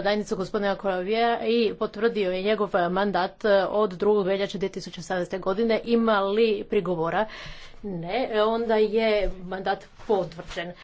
tajnicu gospodina Koravija i potvrdio je njegov mandat e, od 2. veljače 2017. godine. Ima li prigovora? Ne, e, onda je mandat potvrđen.